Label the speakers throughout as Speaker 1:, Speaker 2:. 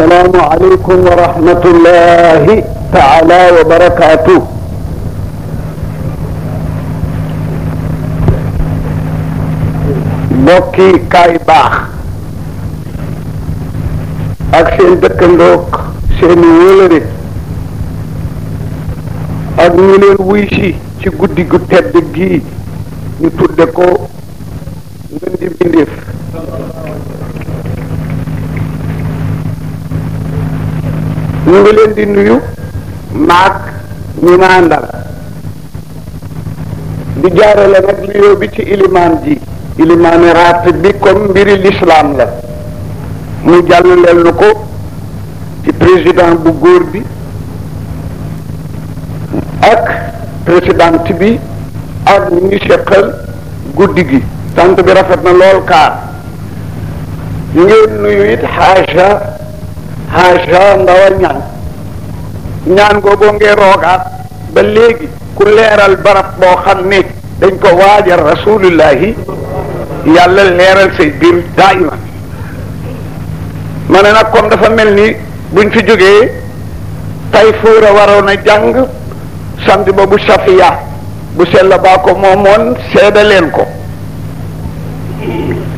Speaker 1: السلام عليكم ورحمة الله تعالى وبركاته mbokki kaay baax ak seen dëkkandoog seen wóolëre ak ñu leen wuy si ci guddi gu tedd gii ñu tudde ko ngën di mbindéef ñu ngi leen di nuyu maak ñi ma àndal di jaarale nag nuyoo bi ci ilimaan ji ilimaani raatib bi comme mbiri lislaam la mu jàllaleel nu ko ci président bu góor bi ak présidente bi ak ñu ngi seqal guddi gi tant bi rafet na lool kaar ñu nuyu it xaaja haja ndawal ñaan ñaan googoo ngee roogaat ba léegi ku leeral barab boo xam ne dañ ko waajal rasulullahi yàlla leeral say biir daayima ma ne nag comme dafa mel ni buñ fi jógee tay fuura waroon a jàng samedi ba bu safiya bu sell baa ko moomoon seeda leen ko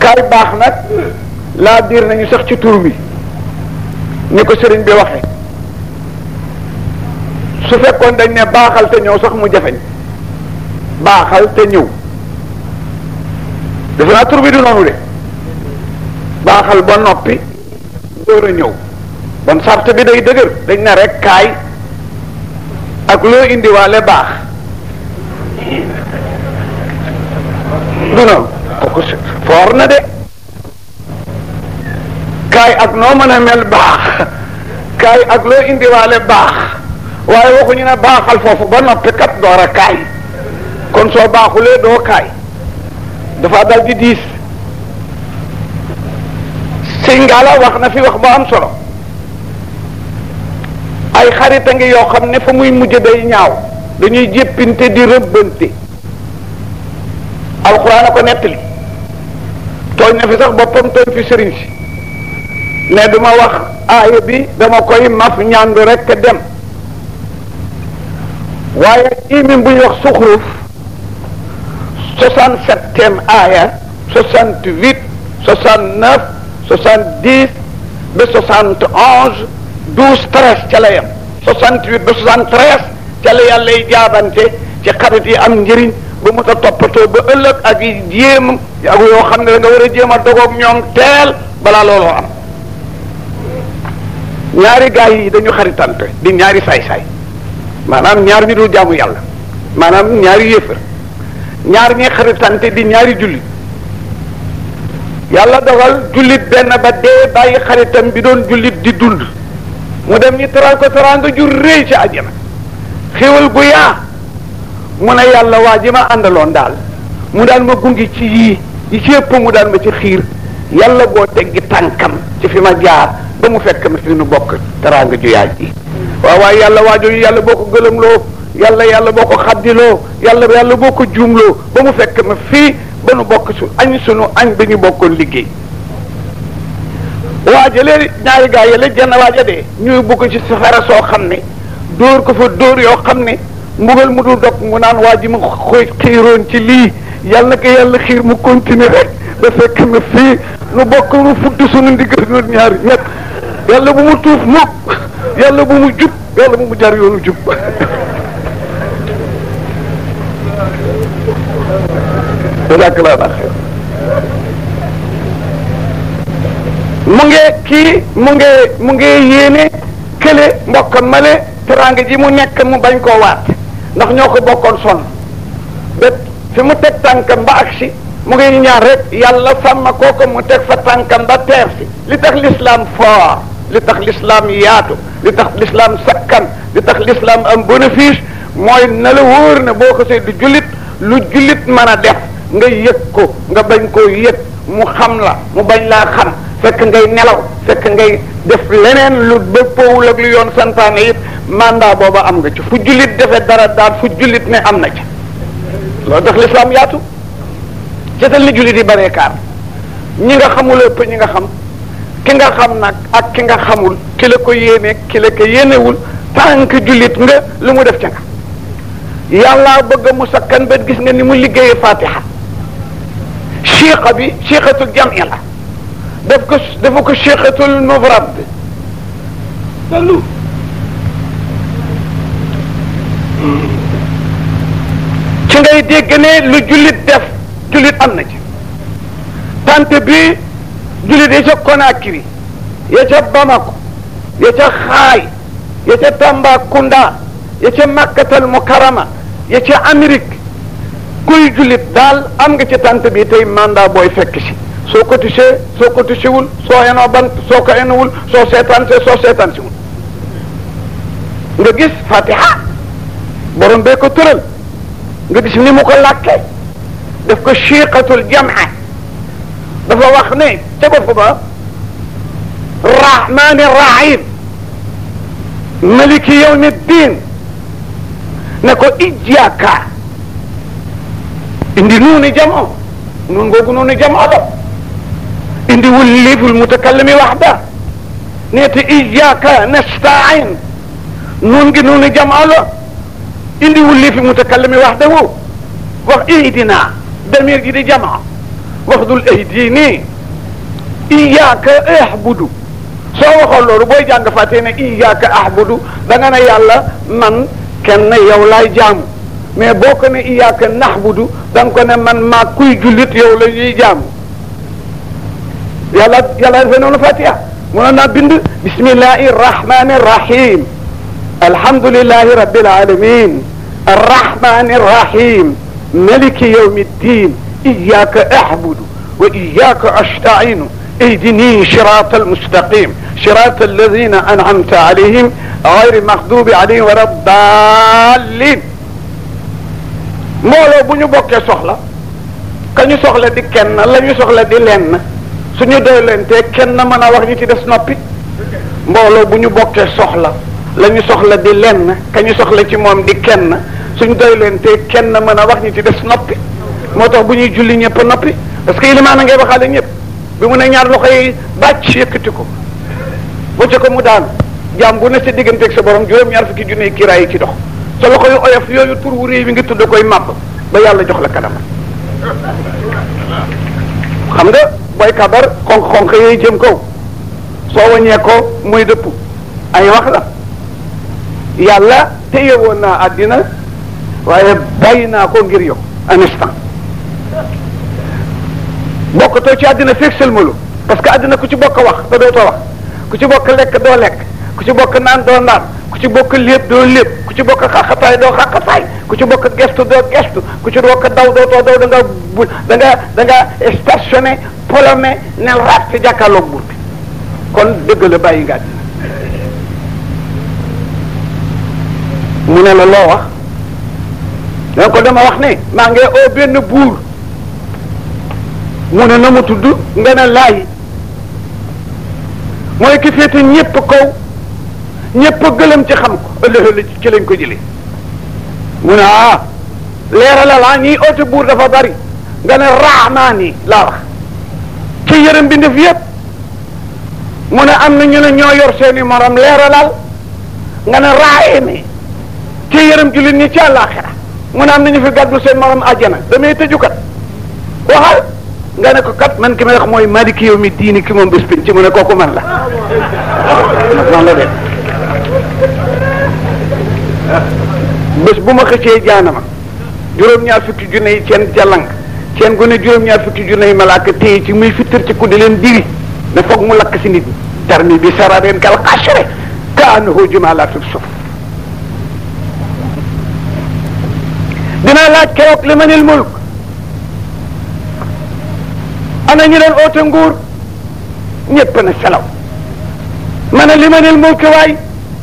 Speaker 1: kaay baax nag laa diir nañu sax ci tur bi ni ko sëriñ bi waxe su fekkoon dañ ne baaxal te ñëw sax mu jafeñ baaxal te ñëw defe naa tur bi du noonu de baaxal ba noppi door a ñëw bon sart bi day dëgër dañ ne rek kaay ak loo indiwaale baax du noonu kooku foor na de kaay ak noo mën a mel baax kaay ak loo indiwaale baax waaye waxuñu ne baaxal foofu ba noppi kat door a kaay kon soo baaxulee doo kaay dafa dal di diis sëñ wax na fi wax ba am solo ay xarit a ngi yoo xam ne fa muy mujj day ñaaw dañuy jéppinte di rëbbante alxuraan a ko nettali tooñ na fi sax boppam tooñ fi sëriñ si mais duma wax aaya bi dama koy maf ñànd rekk dem waaye imin bu ñu wax suxruf soixante septième aaya soixante huit soixante neuf soixante dix ba soixante onze douze treize ca la yem soixante huit ba soixante treize ca la yàlla jaabante ci xarit yi am njëriñ ba mu ta toppatoo ba ëllëg ak yi jéem ak yoo xam ne da nga a jéem a ñoom teel balaa looloo am ñaari gaa yi dañu xaritante di ñaari saay-saay maanaam ñaar ñu dul jaamu yàlla maanaam ñaari yéefar ñaar ñi xaritante di ñaari jullit yàlla dogal jullit benn ba dee bàyyi xaritam bi doon jullit di dund mu dem ñu teral ko teraanga ju réy ci àjjana xéwal gu yaa mu ne yàlla waa ji ma àndaloon daal mu daan ma gungi ci yii yi ci yëpp mu daan ma ci xiir yàlla boo teggi tànkam ci fi ma jaar ba mu fekk na fi nu bokk teraanga ju yaaj ji waaw waaye yàlla waajooju yàlla boo ko gëlëmloo yàlla yàlla boo ko xaddiloo yàlla yàlla boo ko juumloo ba mu fekk ma fii ba nu bokk su añ sunu añ bi ñu bokkoon liggéey waajalee ñaari gaa yële jenn waaja de ñuy bugg ci safara soo xam ne dóor ko fa dóor yoo xam ne mbugal mu dul dog mu naan waa ji mu xiiroon ci lii yàlla na ko yàlla xiir mu continuer rek ba fekk na fii nu bokk nu fudd sunu ndiggal ñun ñaari ñett yàlla bu mu tuuf mukk yàlla bu mu jub yàlla bu mu jar yoonu jub dadak laa mu ngee kii mu ngee mu ngee yéene kële mbokkam male teraanga ji mu nekk mu bañ koo waat ndax ñoo ko bokkoon sonn bét mu te tànkam ba agsi mu ngi ñaan rek yàlla sàmm kooku mu teg fa tànkam ba teer si li tax l'islam fort li tax l'islam yaatu li tax l'islam sakkan li tax l'islam am bénéfice mooy na wóor ne boo ko see du jullit lu jullit mën a def nga yëg ko nga bañ koo yëg mu xam la mu bañ laa xam fekk ngay nelaw fekk ngay def leneen lu dëppoowul ak lu yoon santaane it mandat booba am nga ci fu jullit defee dara daal fu jullit ne am na ci loolu tax l'islam yaatu seetal ni jullit yi baree ñi nga xamul ëpp ñi nga xam ki nga xam nag ak ki nga xamul ki la ko yéene ki la ko yéenewul tànk jullit nga lu mu def ci nga yàllaa bëgg mu sakkan ba gis nga ni mu liggéeyee fatiha chiqa bi chiqatul jami la daf ko dafa ko chiqatul mufrad ci ngay dégg ne lu jullit def jullit am na ci tant bi jullit ya ca Conakry ya ca Bamako ya ca Xaay ya ca Tambacounda ya ca Makkatal Mukarama ya ca Amérique kuy jullit daal am nga ci tant bi tey mandat booy fekk si soo ko tisee soo wul tisewul soo enoo bant soo ko enowul soo seetaan see soo nga gis fatiha borom bee ko tëral nga gis ni mu def ko chiqatul jamaa dafa wax ne ca bopp ba rahmaani rahim maliki ne ko ijjaaka indi nuuni jamo nuun googu nuuni jamo la indi wul liiful mutakallimi waxda neeti ijjaaka nastain nuun gi damir ji di jamaa waxdul aydini iyyaka ahbudu soo waxoon loolu booy jàng fàttee ne iyyaka ahbudu da nga man kenn yow laay jaamu mais boo ko ne iyyaka nahbudu da man maa kuy jullit yow jaamu yàlla yàlla defee noonu fatiha mënoon naa bind bismillahi rahmani rahim alhamdulillahi rabbil alamin arrahmani rahim ملك يوم الدين إياك أعبد وإياك أستعين اهدني شراط المستقيم شراط الذين أنعمت عليهم غير المغضوب عليهم ولا الضالين mbooloo bu ñu bokkee soxla ka ñu soxla di kenn la ñu soxla di lenn suñu doylantee kenn mën a wax ñi ci des noppi mbooloo bu ñu bokkee soxla la ñu soxla di lenn ka ñu soxla ci moom di kenn suñ doy leen te kenn mën a wax ñi ci des noppi moo tax bu ñuy julli ñëpp noppi parce que ilimaan a ngay waxaale ñëpp bi mu ne ñaar loxo yi bàcc yëkkati ko wacce ko mu daanu jaam bu ne sa digganteeg sa borom juróom-ñaar fukki junne kiraay yi ci dox sa loxo yu oyof yooyu tur wu réew mi nga tudd koy màbb ba yàlla jox la kanam xam nga booy kabar xonq-xonq yooyu jëm kaw soo waññee ko muy dëpp ay wax la yàlla téye woon naa àddina waaye bàyyi naa ko ngir yow un instant bokkatoo ci àddina feeg sëlmalu parce que àddina ku ci bokk wax te dootoo wax ku ci bokk lekk doo lekk ku ci bokk naan doo naan ku ci bokk lépp doo lépp ku ci bokk xaqataay doo xaqataay ku ci bokk gestu doo gestu ku ci bokk daw dootoo daw da nga bu da nga da nga stationné polomé nel raat ci kon dëgg la bàyyi nga mu ne loo wax danga ko dama wax ne maa ngi oo benn buur mu ne na mu tudd nga ne laay mooy ki féete ñépp kaw ñépp gëlëm ci xam ko ëllëg ci lañ ko jëlee mu ne ah leerala laa ah, ñiy oote buur dafa bari nga ne raaxnaan yi laa wax ci yërëm bi ndef yépp mu ne am na ñu ne ñoo yor seeni morom leeralal nga ne raaxee ni ci yërëm jullit ñi ci àllaaxira mu naan ñu fi gàddu seen morom àjjana damay tëjukat waxal nga ne ko kat man ki may wax mooy maliki yow mi diini ki moom bés pin ci mu ne kooku man la noonu la de bés bu ma xëccee jaanama juróom-ñaar fukki junne yi ceen jàllang ceen gu juróom-ñaar fukki junne yi malaaka téye ci muy fittar ci ku di leen diri ne foog mu lakk si nit tarmi bi saraden kal xasre ka annahu jumalatub suuf dinaa laaj keroog li manil mulk ana ñu doon oote nguur ñëpp na selaw ma ne li manil mulk waay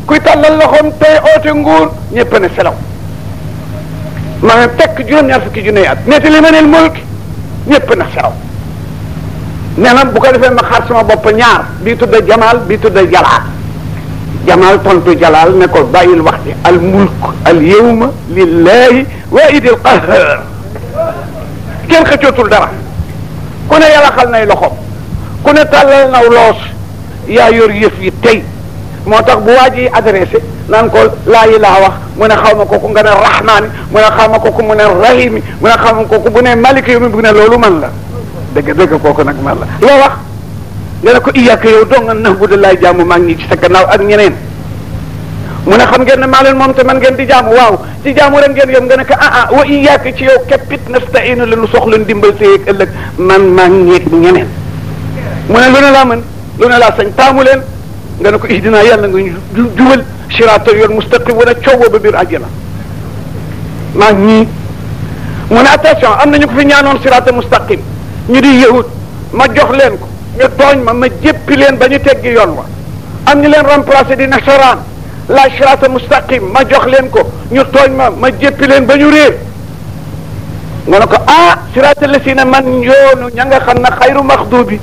Speaker 1: kuy tàllal loxoom tey oote nguur ñëpp na selaw ma ne tekk juróom-ñaar fukki junne at ñetti li manil mulk ñëpp na selaw nee na bu ko defee ma xaar sama bopp ñaar bii tudd jamaal bii tudd jalaal Jamal tontu Jalal ne ko bàyyil wax di al mulk al yawma lillahi waahidil qahhaar kenn xëccootul dara ku ne yàlla xal nay loxoom ku ne tàllal naw loos yaa yor yëf yi tey moo tax bu waa ji adressé naan ko laa ilaaha wax mu ne xaw ma kooku nga ne rahmaani mu ne xaw ko kooku mu ma kooku bu ne maliki yawmi bu ne loolu man la dëgg dëgg kooku nag man la loo wax. nga ne ko iyaaka yow dong nga bu laay jaamu maa ngi ci sa a ak mu ne xam ngeen ne maa leen moom te man ngeen di jaamu waaw di jaamu rek ngeen yom nga ne ko ah, ah, wa iyaaka ci yow képpit nastainu la nu soxla ndimbal seeg ëllëg man maa ngi ñeneen mu ne lu ne laa mën lu ne laa sañ taamu leen nga ne ko ihdina yàlla nga ñu jubal siraatal yoon mustaqim wala coow ba biir àjjana maa ngi mu ne attention am nañu ko fi ñaanoon siraatal mustaqim ñu di yahud ma jox leen ko ñu tooñ ma ma jéppi leen ba ñu teggi yoon wa am ñu leen remplacé di nasaraan la sirata mustaqim ma jox leen ko ñu tooñ ma ma jéppi leen ba ñu réer nga ne ko ah sirata la si ne man yoonu ña nga xam ne xayru maxdubi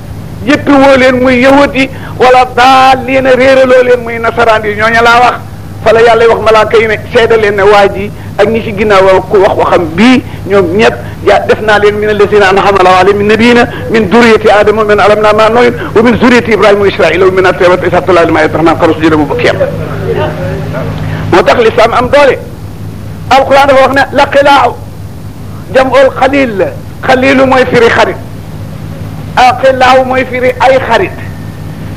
Speaker 1: jéppi woo leen muy yawut yi wala daal leen a réeraloo leen muy nasaraan yi ñooñu laa wax fa la wax malaaka yi ne seeda leen ne waa ji ak ñi ci ginnaaw ku wax waxam bii ñoom ñett ja def naa leen min allazina an'ama Allahu alayhim min nabiyina min zurriyati Adama wa man allamna ma nuhin wa min zurriyati Ibrahima wa Israila wa min at-tayyibati isabtu lillahi ma yataxna xaru sujudam ba kiyam moo tax lislaam am doole alquran dafa wax ne la qilaaw jam'ul xalil la xalilu mooy firi xarit aqilaaw mooy firi ay xarit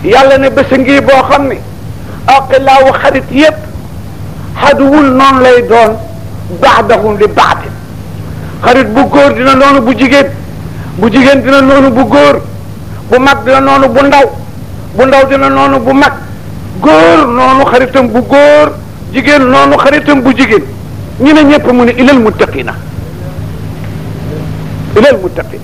Speaker 1: yàlla ne bés ngi boo xam ne aqilaaw xarit yépp xaduwul noonu lay doon baadahum li baadin xarit bu góor dina bu jigéen bu jigéen dina noonu bu góor bu mag dina noonu bu ndaw bu ndaw dina noonu bu mag góor noonu xaritam bu góor jigéen noonu xaritam bu jigéen ñu ne ñëpp mu ne ilal muttaqina ilal muttaqina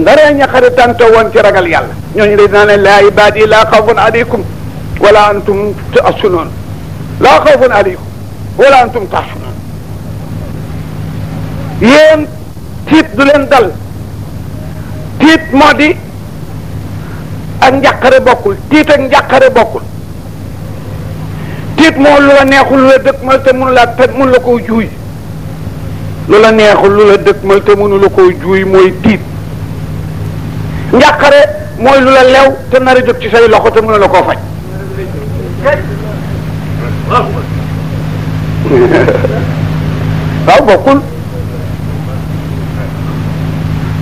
Speaker 1: ndaree ña xaritante woon ci ragal yàlla ñooñu de dinaa ne laa ibaadi laa xawfun aleykum wala antum taasunoon laa xawfun aleykum wala antum taasunoon yéen tiit du leen dal tiit moo di ak njàqare bokkul tiit ak njàqare bokkul tiit moo lu la neexul lu la dëkkmal te mënu la te mënu la koo juuy lu la neexul lu la dëkkmal te mënu la koo juuy mooy tiit njàqare mooy lu la lew te nar a ci say loxo te mënu la ko faj waaw bokkul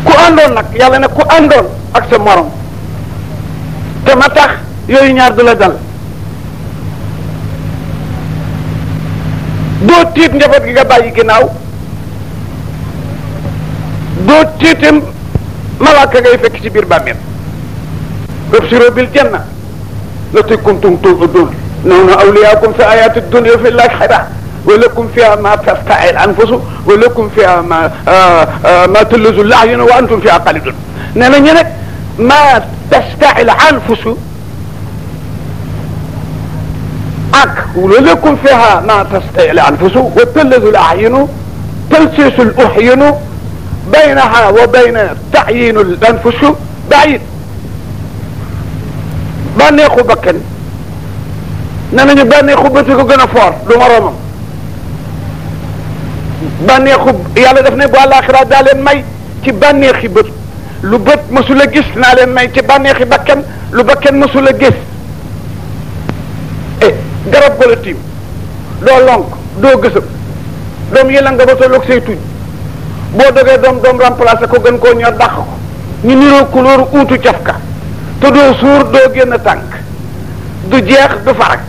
Speaker 1: ku àndoon nag yàlla ne ku àndoon ak sa morom te matax tax yooyu ñaar du la dal doo tiit njaboot gi nga bàyyi ginnaaw doo tiitim malaaka ngay fekk ci biir bàmmeel wabsiroo bil janna lati kuntum tuuduun noonu awliyaakum fi ayaati dunya fi laaxira walakum fiha ma tastahil anfusu walakum fiha ma ma tullizu lahyun wa antum fiha qalidun nee na ñu nag ma tastahil anfusu ak walakum fiha ma tastahil anfusu wa tullizu lahyun تلتس الأحين بينها وبين تعيين الأنفس بعيد bànneexu bakkan nee nañu bànneexu bët ko gën a foor du moroomam bànneexu yàlla daf ne bu àllaaxira daa leen may ci bànneexi bët lu bët mësul a gis naa leen may ci bànneexi bakken lu bakkan mësul a gis eh garab ga tiim doo lonk doo gësëm doom yi la nga ba tolloog say tuñ boo dogee doom doom remplacé ko gën koo ñor dàq ko ñu niroo couleur uutu cafka te doo suur doo génn tànk du jeex du farak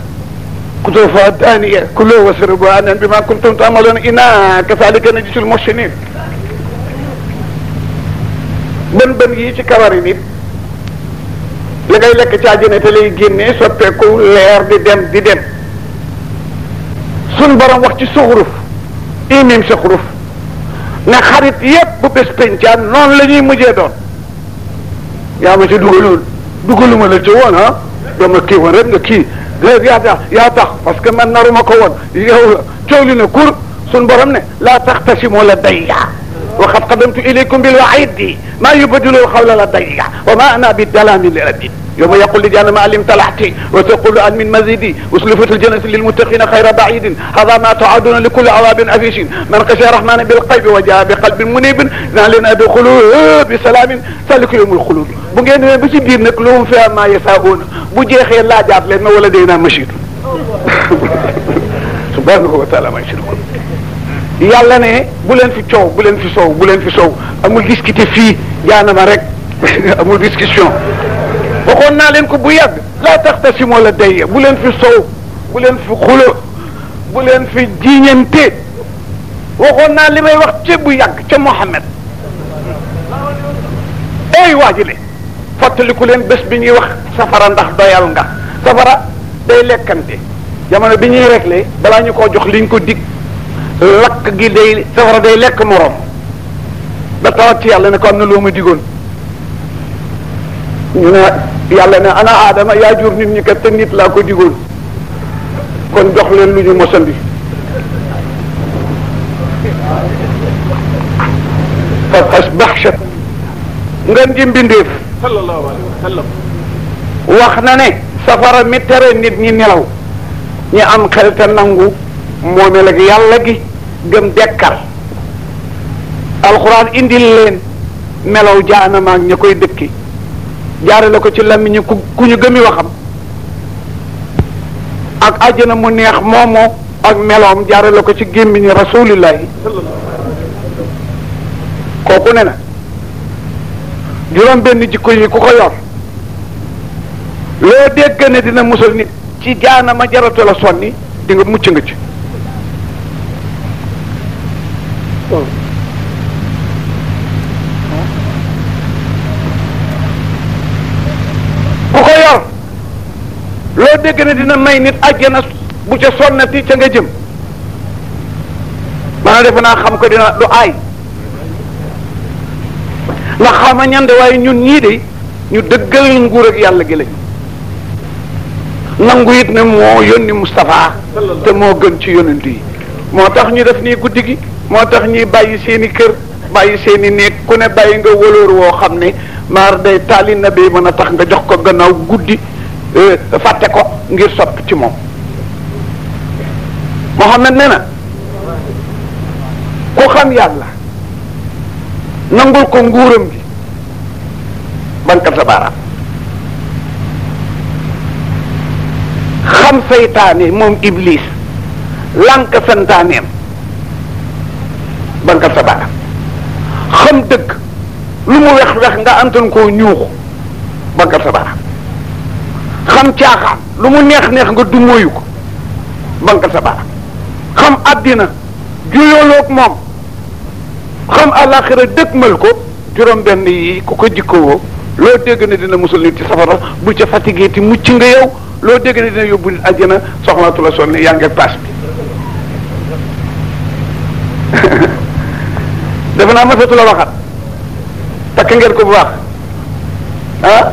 Speaker 1: ku قطوفها دانية كلوا واشربوا هنيئا بما كنتم تعملون إنا كذلك نجزي المحسنين bën bën yi ci kawari nit la ngay lekk ci àjjana te lay génnee soppeeku leer di dem di dem suñ borom wax ci suxuruf imim suxuruf ne xarit yépp bu bés pencaan noonu la ñuy mujjee doon yaa ma ci dugaloon dugaluma la ci woon ah dama kii woon rek kii léegi yaa tax yaa tax parce que man naruma ko woon yow coow li ne kur suñ borom ne laa taxtasimu la dayya wa qad qadamtu ilaykum bil wa'idi maa yubaddilu al qawla la dayya wa ma ana bi dalamin li rabbi yawma yaqul li jahannama hal imtala'ti wa taqulu hal min mazidi uslufat al-jannatu lil-muttaqina khayra ba'idin hadha ma tu'aduna li kulli awabin afishin man khashiya rahmana bil qalbi wa jaa bi qalbin munibin nalina adkhulu bi salamin salika yawmul khulud bu ngeen demee ba ci biir nag lahum fiha ma yasa'una bu jeexee laajaat leen ma wala day naa machidu subhanahu wa taala ma shirku yàlla ne bu leen fi coow bu leen fi soow bu leen fi soow amul discuter fii jaanama rek amul discussion waxoon naa leen ko bu yàgg laa taxtasimoo la day bu leen fi sow bu leen fi xulo bu leen fi jiiñante waxoon naa li may wax ca bu yàgg ca Mohammed ey waajile fàttaliku leen bés bi ñuy wax safara ndax doyal nga safara day lekkante jamono bi ñuy réglé balaa ñu koo jox liñ ko dig lakk gi day safara day lekk moroom ba tawat ci yàlla ne ko am na loo ma digoon ñu ne yàlla ne ana aadama yaa jur nit ñi kat te nit laa ko digoon kon jox leen lu ñu mosandi fa asbaxsha ngeen ji mbindeef wax na ne safara mi tere ñi nelaw ñi am xel te nangu moomeel ak yàlla gi gëm dekkal alxuraan indi leen melaw jaanama ak ña koy dëkki jaarale ko ci làmmiñu ku ku ñu gëmi waxam ak àjjana mu neex moomoo ak meloom la ko ci gémmiñ rasulillahi kooku ne na juróom benn jikko yi ku ko yor loo dégg dina musal nit ci jaana ma jaratu la sonni di mucc nga ci loo dégg ne dina may nit ak àjjana bu ca sonnati ca nga jëm maanaam defe naa xam ko dina du aay ndax xawma ñande waaye ñun ñii de ñu dëggal nguur ak yàlla gi lañu nangu it ne moo yónni Moustapha te moo gën ci yonent yi moo tax ñu def nii guddi gi moo tax ñuy bàyyi seeni kër bàyyi seeni néeg ku ne bàyyi nga wóolóor woo xam ne maar day taali na bi mën a tax nga jox ko gannaaw guddi Euh, fàtte ko ngir sopp ci moom Muhammad nee na ku xam yàlla nangul ko nguuram gi bankat sa baaraam xam seytaane moom iblis lànk santaaneem bankat sa baaraam xam dëkk lu mu wex wex nga antan koo ñuuxu bankat sa baaraam xam caaxaan lu mu neex-neex nga dumóoyu ko banqal sa baaraam xam addina juyooloog moom xam àlaxira dëkkmal ko juróom benn yi ku ko jikkowoo loo dégg ne dina musul nit ci safara bu ca fatigué ti mucc nga yow loo dégg ne dina yóbbu nit àjjana soxlaatu la sonn yaa ngi paas bi defe naa masatu la waxat takk ngeen ko bu baax ah?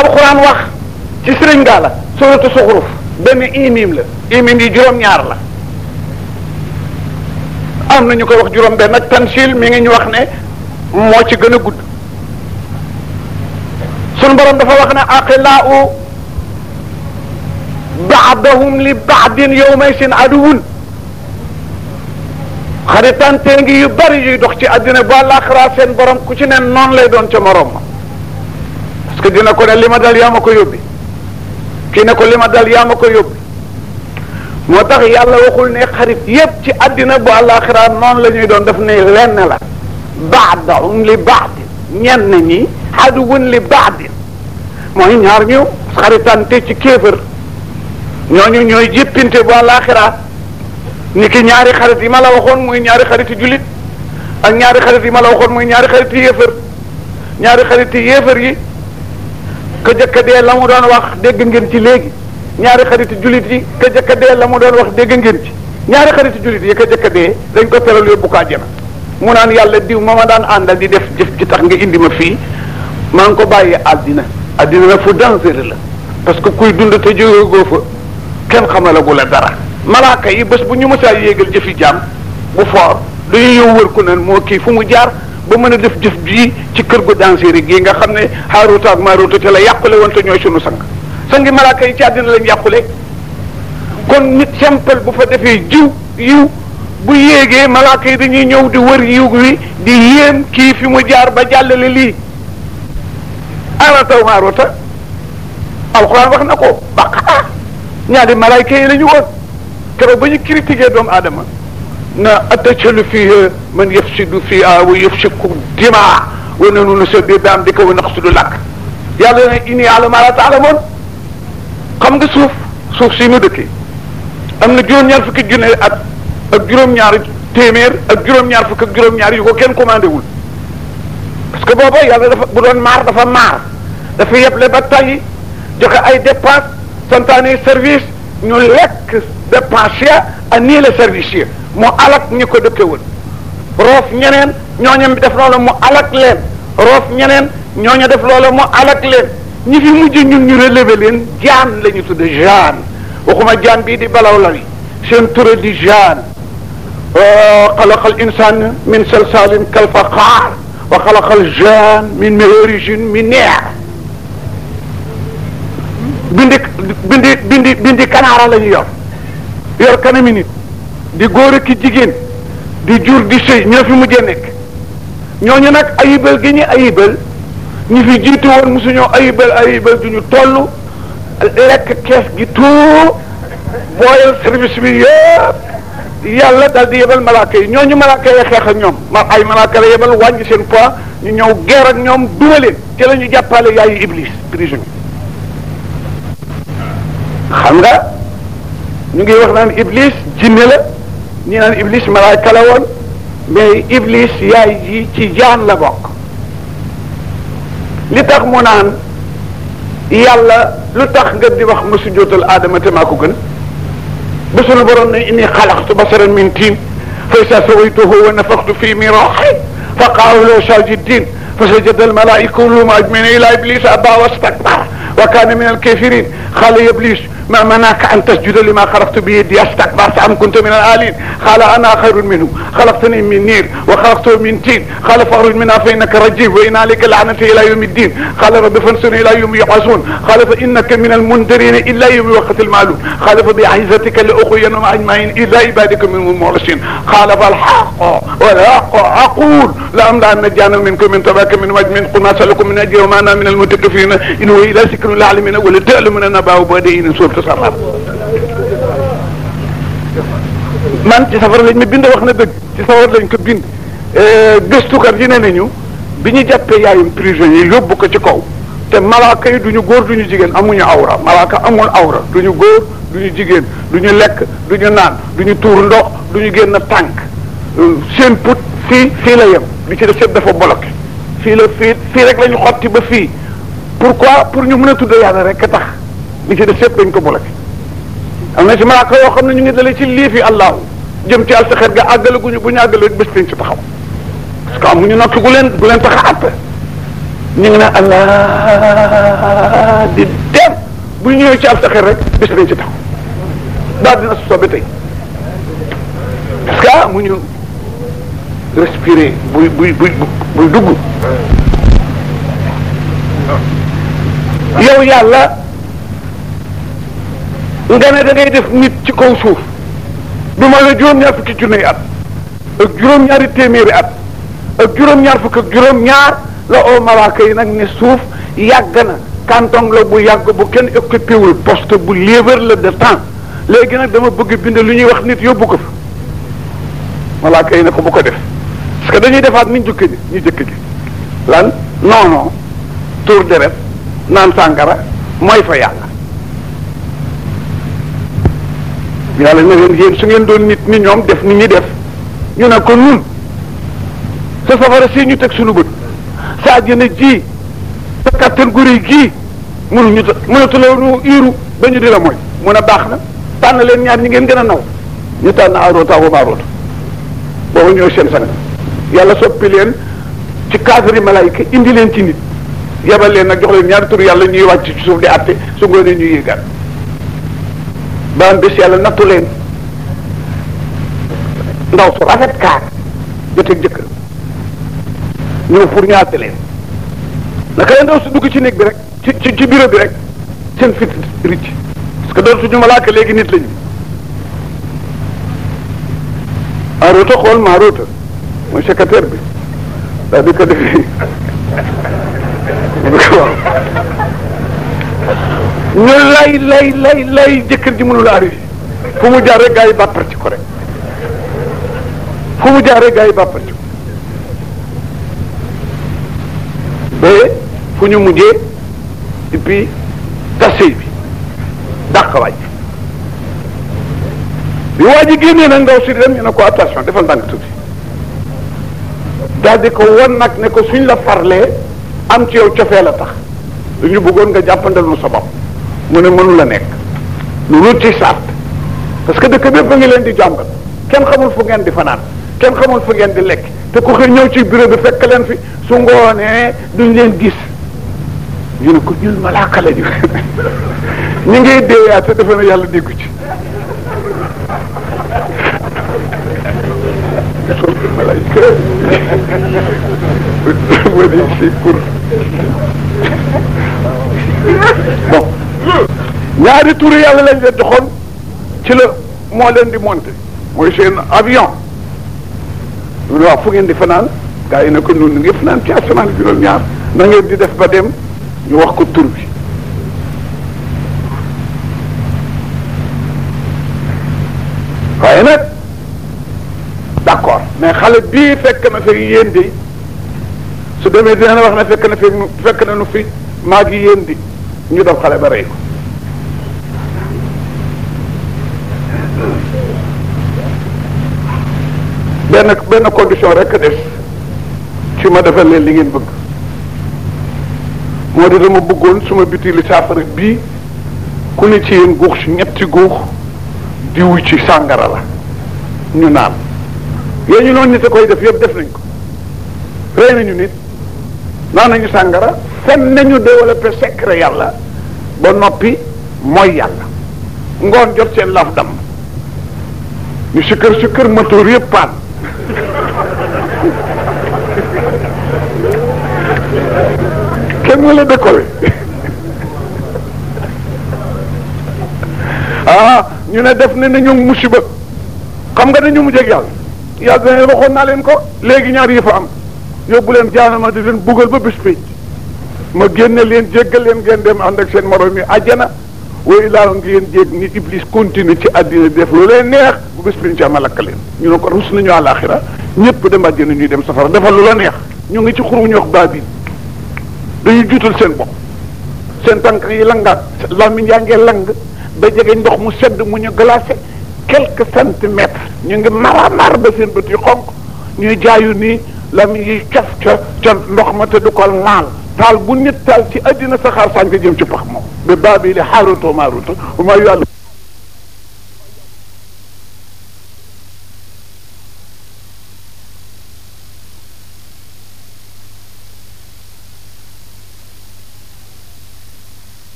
Speaker 1: alxuraan wax ci sëriñ gaa la suratu suxuruf benn imim la imim yi juróom-ñaar la am na ñu koy wax juróom benn ak tansil mi ngi ñu wax ne moo ci gën a gudd sunu borom dafa wax ne aqilaau baadahum li baadin yowmay seen aduwun xaritante gi yu bari yuy dox ci àddina bu àllaaxira seen borom ku ci ne noonu lay doon ca morom parce que dina ko li ma dal yaa ma ko yóbbi ko li ma dal yaa ma ko yóbbi moo tax yàlla waxul ne xarit yépp ci àddina bu àllaaxira noonu la ñuy doon def ne lenn la baadahum li ñi aduwun li baadin mooy ñaar ñu xaritante ci kéefër ñooñu ñooy jéppinte bu àllaaxira ni ki ñaari xarit yi ma la waxoon muy ñaari xariti jullit ak ñaari xarit yi ma la muy ñaari xariti yéefër ñaari xariti yéefër yi ka jëkka dee la mu doon wax dégg ngeen ci léegi ñaari xaritu jullit yi ka jëkka dee la mu doon wax dégg ngeen ci ñaari xaritu jullit yi ka jëkka dee dañ ko teral yóbbu ko àjjana mu naan yàlla diw ma ma daan ànd àndal di def jëf ji tax nga indi ma fii maa ngi ko bàyyi àddina àddina la fu danger la parce que kuy dund te jógegoo fa kenn xamalagu la dara malaaka yi bés bu ñu mësaa yéegal jëfi jaam bu foor dañuy yow wër ku ne moo kii fu mu jaar ba mën a def jëf ji ci kër gu danseeri gi nga xam ne Haaruta ak Maaruta te la yàqule woon te ñooy sunu sang sangi malaaka yi ci àddina lañ yàqule kon nit simple bu fa defee jiw yiw bu yéegee malaaka yi dañuy ñëw di wër yiw wi di yéem kii fi mu jaar ba jàllale lii arataw Haaruta alxuraan wax na ko baqaa ñaari malaayka yi la ñu woon keroog ba ñu critiqué doomu aadama أتجهل فيها من يفسد فيها ويفسق الدماء ونحن نسبح بحمدك ونقصد لك yàlla ne inni yàlla maa la taalamoon xam nga suuf suuf si mu dëkkee am na juróom-ñaar fukki junne at ak juróom-ñaar téeméer ak juróom-ñaar fukk ak juróom-ñaar yu ko kenn commandé wul parce que booba yàlla dafa maar dafa maar dafa yeble ba tàyyi joxe ay dépense santaane service ñu lekk dépassé a nii la moo mu alak ñi ko dëkke woon roof ñeneen ñooñu def loola mu alak leen roof ñeneen ñooñu def loola mu alak leen ñi fi mujj ñu relevé leen jaan la ñu tudd jaan waxuma jaan bii di balaw la wi seen tura di jaan xalaqal insaan min salsaalin kal faqaar wa xalaqal jaan min maharijin min naar bindi bindi bindi bindi kanaara la ñu yor yor kanami nit di góor ki jigéen di jur di sëy ñoo fi mujjee ñoo ñu nag ayibal gi ñu ayibal ñi fi jiitu woon mosuñoo ayibal ayibal du ñu toll lekk kees gi tout booyal service bi yëpp yàlla daal di yebal malaaka ñoo ñu malaaka yi xeex ak ñoom ma ay malaaka la yebal seen pois ñu ñëw geer ñoom duma leen ci ñu jàppale yaayu iblis prison xam ñu ngi wax naan iblis jinne la ñi naan iblis malaaka la woon mais iblis yaay ji ci jaan la bokk li tax mu naan yàlla lu tax nga di wax ma sujjóotal aadama te maa ko gën ba sunu borom ne inni xalaqtu basaran min tiin fa isa sawaytuhu wa nafaxtu fii min ruuxi fa qaalu lahu saajidin fa sajada almalaaika kulluhum ajmain ila iblis abaa wastakbara wa kaana min alkafirin qaala iblis ma manaka an tasjuda lima xalaqtu bi yadi astakbarta am kunta min al-aalin qaala ana xayrun minhu xalaqtani min niir wa xalaqtahu min tiin qaala faxruj minha fa innaka rajim wa inna alayka laanati ila yawmi ddin qaala rabbi fansurni ila yawmi yub'asun qaala fa innaka min almundirin illa yawma waqti alma'lum qaala fa bi'izzatika la ughwiyannahum ajma'in illa ibadaka minhum al-mukhlisin qaala fal-haqq wal haqq aqul la amla'anna jahannama minkum wa min tabaka minhum ajma'in qul ma as'alukum min ajrin wa ma ana min al-mutakaffirin in huwa illa zikrun zikru alamina wala ta'lamuna nabaaw boo dee indi suurtu safar man ci safar lañ ma bind wax na dëgg ci safar lañ ko bind eh, gëstukat yi ne nañu bi ñu jàppee yaayum prisonnier yóbbu ko ci kaw te malaaka yi du ñu góor du ñu jigéen amuñu awra malaaka amul awra du ñu góor du ñu jigéen du ñu lekk du ñu naan du ñu tuur ndox du ñu génn tànk euh, seen put fii fii la yem li ci def seet dafa bloqué fii la fii fii rek la xotti ba fii pourquoi pour ñu mën a tudd yàlla rek a tax li ci def yëpp dañ ko bloqué am na ci malaaka yoo xam ne ñu ngi dalee ci lii fi allahu jëm ci alsaxeet ga àggalaguñu bu ñu àggalee bés dañ ci taxaw parce que amuñu natt gu leen gu leen tax a ñu ngi ne allah di dem bu ñu ñëwee ci alsaxeet rek bés dañ ci taxaw daal na sobe tey parce que amuñu respirer buy buy buy buy dugg. yow yàlla nga ne da ngay def nit ci kaw suuf du ma la juróom-ñaar fukki at ak juróom-ñaari at ak juróom-ñaar fukk ak juróom-ñaar la oo malaaka yi nag ni suuf yàgg na kantong la bu yàgg bu kenn occupé wul poste bu léebar la de temps léegi nag dama bëgg bind li ñuy wax nit yóbbu ko fa malaaka yi ne ko bu ko def parce que dañuy defaat ni ñu jëkk ji ñu jëkk ji lan non non tour deret naan sàngara mooy fa yàlla yàlla na leen yéen su ngeen doon nit ni ñoom def ni ñu def ñu ne ko ñun sa safara si ñu teg suñu bët sa àjjana ji sa kattan gu rëy gii mënuñu ta mënatuloo nu iiru ba ñu di mooy mun a baax na tànn leen ñaar ñi ngeen gën a naw ñu tànn aroota wa maaroota boobu ñooy seen sang yàlla soppi leen ci cadre yi indi leen ci nit yebal leen nag jox leen ñaari tur yàlla ñuy wàcc ci suuf di àtte su ngoonee ñuy yéegaat ba am bés yàlla nattu leen ndaw su rafet kaar joteeg jëkkër ñëw pour ñaate leen naka la ndaw su dugg ci néeg bi rek ci ci ci bi rek seen fit ricc parce que doon suñu malaaka léegi nit lañu en roota xool maa roota mooy secrétaire bi daal di dina ko wax lay lay lay lay jëkkër ji mënula arrivé fu mu jaar rek gaa yi bàppar fu mu jaar rek gaa yi bàppar fu ñu mujjee depuis tasey bi dàq waaj bi waa ji génnee nag ndaw si dem ñu ne ko attention defal ndànk tuuti daal ko wan ne ko suñ la farlee am ci yow cofee la tax lu ñu bëggoon nga jàppandal nu sabab mu ne mënu la nekk lu rut ci sart parce que dëkk bépp a ngi leen di jàngal kenn xamul fu ngeen di fanaan kenn xamul fu ngeen di lekk te ku xëy ñëw ci bureau bi fekk leen fi su ngoonee duñ leen gis ñu ne ko ñun malaaka lañu ñu ngi déeyaa te defe yàlla déggu ci venir ici pour bon ñaari turu yàlla lañ leen doxoon ci la moo leen di monter mooy seen avion ñu ne waaw fu ngeen di fanaan gars yi ne ko ñun ngi fanaan ci asamaan juróom-ñaar na ngeen di def ba dem ñu wax ko tur bi waaye nag d'accord mais xale bii fekk na fekk yéen de su demee dina ne wax ne fekk na fekk na nu fi maa ngi yéen di ñu def xale ba rey ko benn benn condition rek des ci ma defal leen li ngeen bëgg moo di dama bëggoon suma biti li saafara bii ku ne ci yéen guux si ñetti guux diwu ci sàngara la ñu naan yooyu ñu noonu nit a koy def yëpp def nañ ko rey nañu nit naan nañu sàngara fen nañu développé secret yàlla ba noppi mooy yàlla ngoon jot seen laf dam ñu sukkër sukkër moteur yëpp paan kenn wala décollé ah ñu ne def ne nañu musiba xam nga dañu mujj ak yàlla yàlla waxoon naa leen ko léegi ñaar yi fa am yóbbu leen jaanama di leen buggal ba bis pénc ma génne leen jéggal leen ngeen dem ànd ak seen morom yi àjjana wooyu laa ngi leen jéeg ni iblis continue ci àddina def lu leen neex bu bis pénc ma lakk leen ñu ne ko rus nañu àllaaxira ñëpp dem àjjana ñuy dem safara defal lu la neex ñu ngi ci xuru ñox baa bi dañuy juutal seen bopp seen tànk yi langaat làmmiñ yaa ngee lang ba jege ndox mu sedd mu ñu glacé quelques centimètres ñu ngi maramar ba seen bët yu xonq ñuy jaayu nii la muy cas ca ca ndox ma te du ko laal taal bu nit taal ci àddina saxaar sànq jëm ci pax moom ba baabi li xaaruto maaruto ma yàlla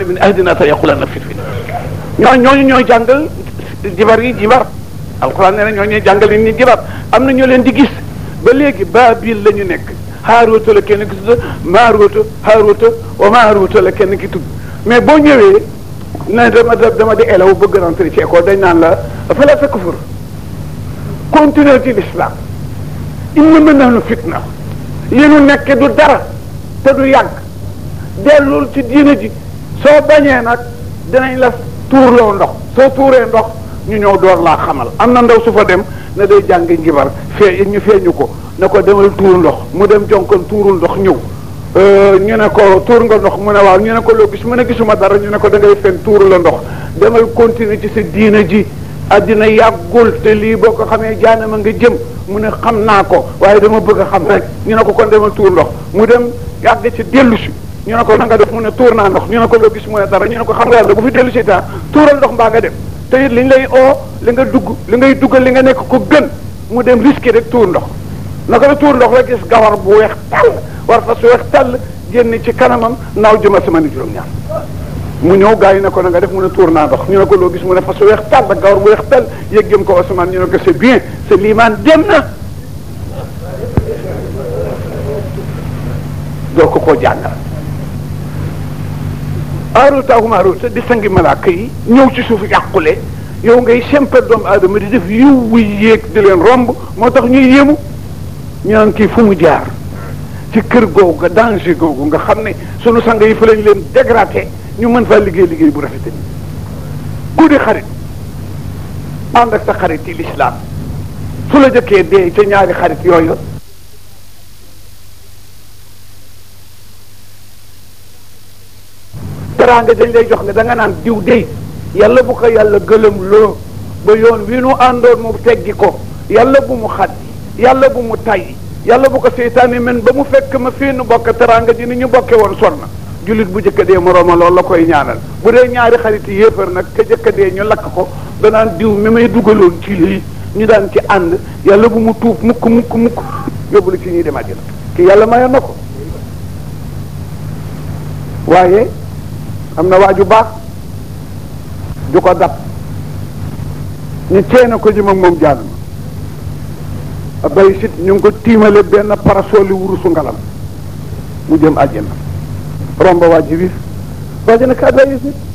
Speaker 1: rahmaani bin ahdina tariqul anfit fi ñoo ñooñu ñooy jàngal jibar yi jibar alxuraan nee na ñoo ñooy jàngal nit ñi jibar am na ñoo leen di gis ba léegi baabil la ñu nekk haaroota la kenn ki tudd maaroota haaroota wa maaroota la kenn ki tudd mais boo ñëwee na dama dama di élève bëgg rentré ci école dañ naan la fala sa kufur continuer ci l'islam innama nahnu fitna li nu nekk du dara te du yàgg dellul ci diine ji soo bañee nag dinañ la tuurloo ndox soo tuuree ndox ñu ñëw door laa xamal am na ndaw su fa dem na day jàngi njibar fee ñu feeñu ko ne ko demal tuur ndox mu dem jonkoon tuurul ndox ñëw euh, ñu ne ko tuur nga ndox mu ne waaw ñu ne ko loo gis mu ne gisuma dara ñu ne ko da ngay fen tuur la ndox demal continuer ci sa diina ji àddina yàggul te lii boo ko xamee jaanama nga jëm mu ne xam naa ko waaye dama bëgg a xam rek ñu ne ko kon demal tuur ndox mu dem yàgg ci dellu si ñu ne ko la def mu ne tuur naa ndox ñu ne ko loo gis mu ne dara ñu ne ko xam nga yàlla bu fi dellu si taa tuural ndox mbaa nga dem te it liñ oo li nga dugg li ngay duggal li nga nekk ko gën mu dem risqué rek tuur ndox naka la tuur ndox la gis gawar bu weex tàll war fas weex tàll génn ci kanamam naaw jëma semaine juróom-ñaar mu ñëw gaa yi ne ko na nga def mu ne tuur naa ndox ñu ne ko loo gis mu ne fas weex tàll ak gawar bu weex tàll yëg jëm ko asamaan ñu ne ko c'est bien c'est liimaan dem na doo ko koo jàngal aaruta hum aaruta di sangi malaaka yi ñëw ci suuf yàqule yow ngay semper doomu aadama di def yiw wuy yéeg di leen romb moo tax ñuy yéemu ñaan naan kii fu jaar ci kër googu nga danger googu nga xam ne sunu sang yi fa lañ leen dégradé ñu mën faa liggéey liggéey bu rafetee ku di xarit ànd ak sa xarit yi lislaam su la jëkkee dee ca ñaari xarit yooyu teraanga dañ lay jox nga da naan diw dey yàlla bu ko yàlla gëlëm loo ba yoon wi nu àndoon mu teggi ko yàlla bu mu xaddi yàlla bu mu tayyi yàlla bu ko seytaane men ba mu fekk ma fii nu bokk teraanga ji ni ñu bokke woon sonna jullit bu jëkka dee morooma loolu la koy ñaanal bu dee ñaari xarit yi yéefar nag ka jëkka ñu lakk ko danaan diw mi may dugaloon ci lii ñu daan ci ànd yàlla bu mu tuub mukk mukk mukk yóbbu la ci ñuy demaat ki yàlla mayoon na ko waaye am na waaju baax ju ko dab ñu teena ko jëm ak moom jaanuma abay sit ñu ngi ko tiimale benn parasoli wurusu ngalam mu jëm àjjana romba waa ji wiif abay sit